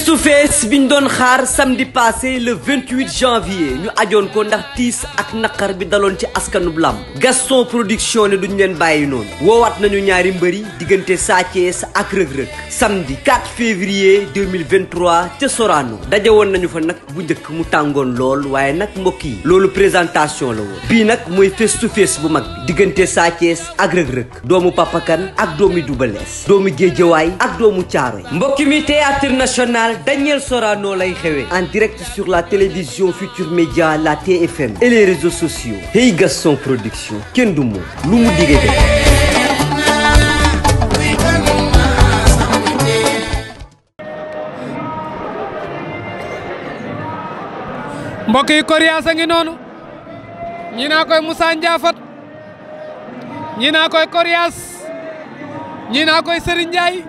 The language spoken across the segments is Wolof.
face to bi ñu doon xaar samedi passé le 28 janvier ñu ajoon ko ndax tiis ak naqar bi daloon ci askanub làmb Gaston production ne duñ leen bàyyi noonu woowaat nañu ñaari mbëri diggante Sa Thiès ak Reug Reug samedi 4 février 2023 ca Sorano daje woon nañu fa nag bu njëkk mu tàngoon lool waaye nag mbokk yi loolu présentation la woon bii nag mooy face to bu mag bi diggante Sa Thiès ak Reug Reug doomu Papa ak doomi Double Less doomu Guédiawaye ak doomu Thiaroye yi mi salle Daniel Sorano lay xewee en la télévision Futur Média la TFM et les réseaux sociaux Hey Gaston Production a ngi noonu ñi naa koy Moussa Ndiafat ñi naa koy Korias ñi naa koy Serigne Ndiaye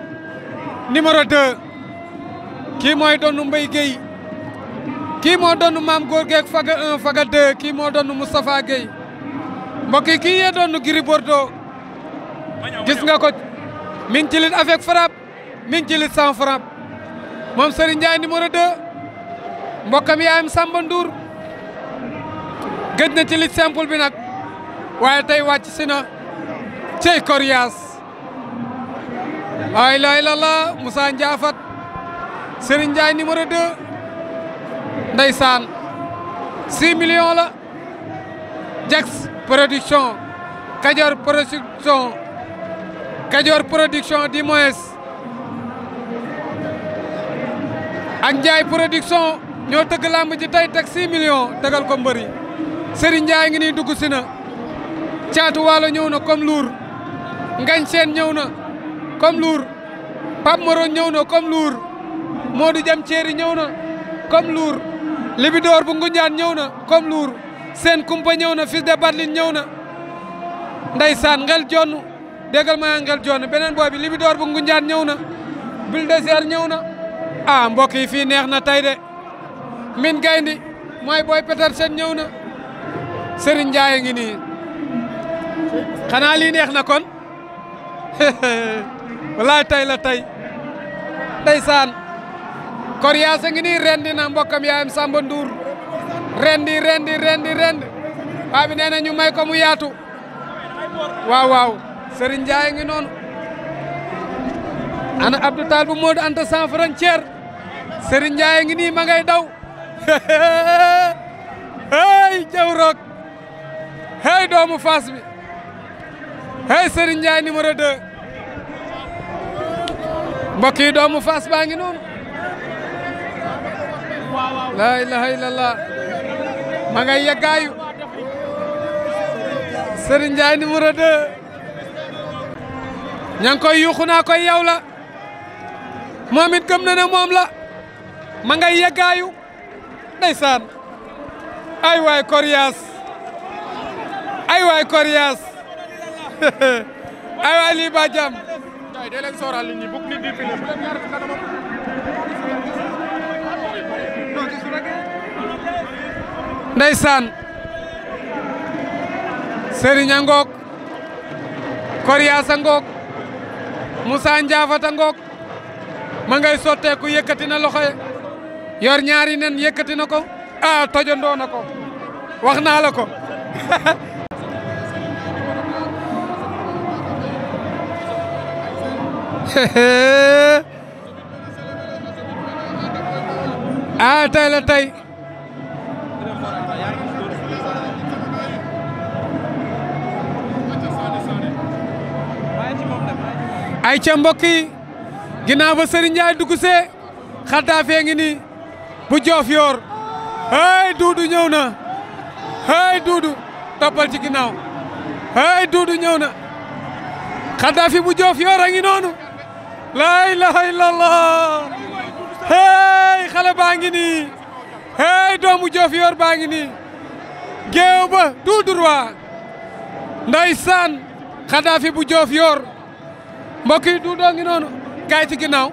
numéro kii mooy doonu Mbaye Guèye kii moo doonu Maam Góor Guèye faga 1 faga 2 kii moo doonu Moustapha Guèye mbokk kii yee doonu Gris Bordeaux gis nga ko mi ngi ci lit avec frappe mi ngi moom Serigne Ndiaye numéro 2 mbokkam yaayam Samba Ndour gëj na ci lit bi nag waaye tey wàcc si na cey Korias ay la la Moussa Ndiafat Serigne Ndiaye numéro 2 ndeysaan 6 millions la Jax production Kajoor production Kajoor production di moins ak Ndiaye production ñoo tëgg làmb ji tey teg 6 millions tegal ko mbëri Serigne Ndiaye ngi nii dugg si waalo ñëw na comme luur ngañ seen ñëw na comme luur Pape Moro ñëw na luur Modou Jam Thierry ñëw na comme luur Libidor bu Ngunjaan ñëw na comme luur seen kumpa ñëw na fils de Badlin ñëw na saan ngel jonn déggal ma ngel jonn beneen booy bi Libidor bu Ngunjaan ñëw na Bulldozer ñëw na ah mbokk yi fii neex na tey de min gayndi mooy booy Petersen ñëw na Serigne Ndiaye ngi nii xanaa lii neex na kon wallaay tey la tey ndeysaan Coriace a ngi nii rendi na mbokkam yaayam Samba Ndour rendi rendi rendi rendi paa ñu may ko mu yaatu waaw waaw Serigne ngi noonu ana Abdou Tall bu Modou Anta sans frontière Serigne ngi nii ma ngay daw hey jaw roog hey doomu Fass bi hey Serigne Ndiaye numéro 2 mbokk yi doomu Fass baa ngi noonu laa ilaha illallah ma ngay yeggaayu Serigne Ndiaye numéro 2 ña ngi koy yuuxu naa yow la moom it moom la ma ngay yeggaayu ndeysaan ay waay Korias ay waay Korias ay waay lii ndeysaan Serigne a ngoog Koriyaas a ngoog Moussa Ndiafat a ngoog ma ngay sotteeku yëkkati na loxo yor ñaari nen yëkkati na ko a tojandoo na ko wax naa la ko ah tey la tey ay ca mbokk yi ginnaaw ba Serigne Ndiaye dugg see duudu ñëw na hey duudu toppal ci ginnaaw hey duudu ñëw na xataa fi bu joof yoor a ngi noonu xale baa ngi nii hey doomu Diofior baa ngi nii géew ba tout droit ndeysaan Xadaafi bu Diofior mbokk yi duudoo ngi noonu kaay ci ginnaaw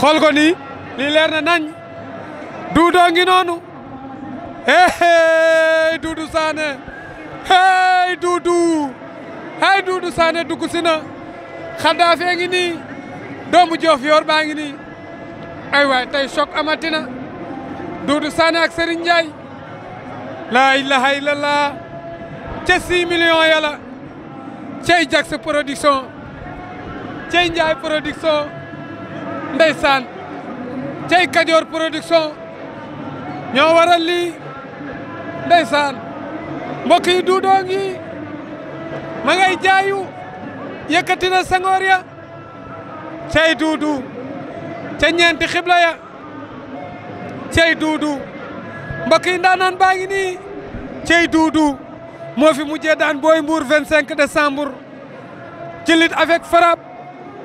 xool ko nii lii leer na nañ duudoo ngi noonu hey Duudu Saane hey Duudu hey Duudu Saane dugg si na Xadaafi ngi nii doomu Diofior baa ngi nii ay waay tey choc amatina Doudou Sané ak Serigne Ndiaye laa ilaha illallah ca 6 millions yàlla cey jag sa production cey Ndiaye production ndeysaan cey Kajoor production ñoo waral lii ndeysaan mbokk yi duudoo ngi ma jaayu yëkkati na sangoor ya cey duudu ca ñeenti xibla ya cey duudu mbokk yi ndaanaan baa ngi nii cey duudu moo fi mujjee daan booy mbuur 25 décembre ci lutte avec frappe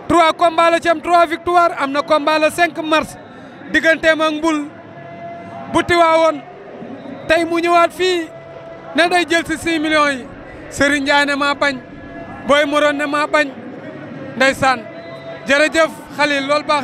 3 combats la ci am 3 victoire am na combat le mars digganteem ak mbul bu tiwaawoon tey mu ñëwaat fii ne day jël si 6 millions yi Serigne Ndiaye ne maa bañ booy moroon ne maa bañ ndeysaan jërëjëf Khalil loolu baax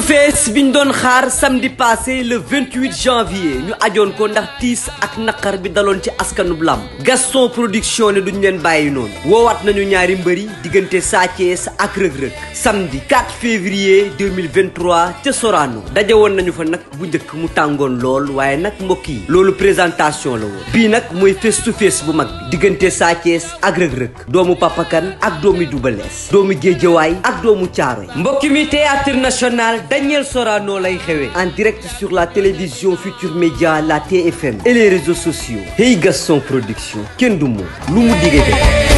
Ouzou Face bi ñu doon xaar samedi passé le 28 janvier ñu ajoon ko ndax tiis ak naqar bi daloon ci askanub làmb Gaston production ne duñ leen bàyyi noonu woowaat nañu ñaari mbëri diggante Sa Thiès ak Reug Reug samedi 4 février 2023 ca Sorano daje woon nañu fa nag bu njëkk mu tàngoon lool waaye nag mbokk yi loolu présentation la woon bii nag mooy face to bu mag bi diggante Sa Thiès ak Reug Reug doomu Papa ak doomi Double Less doomu Guédiawaye ak doomu Thiaroye yi Daniel Sorano lay xewee en direct sur la télévision Futur Média la TFM et les réseaux sociaux Hey Gaston Production kenn du moom lu mu diggee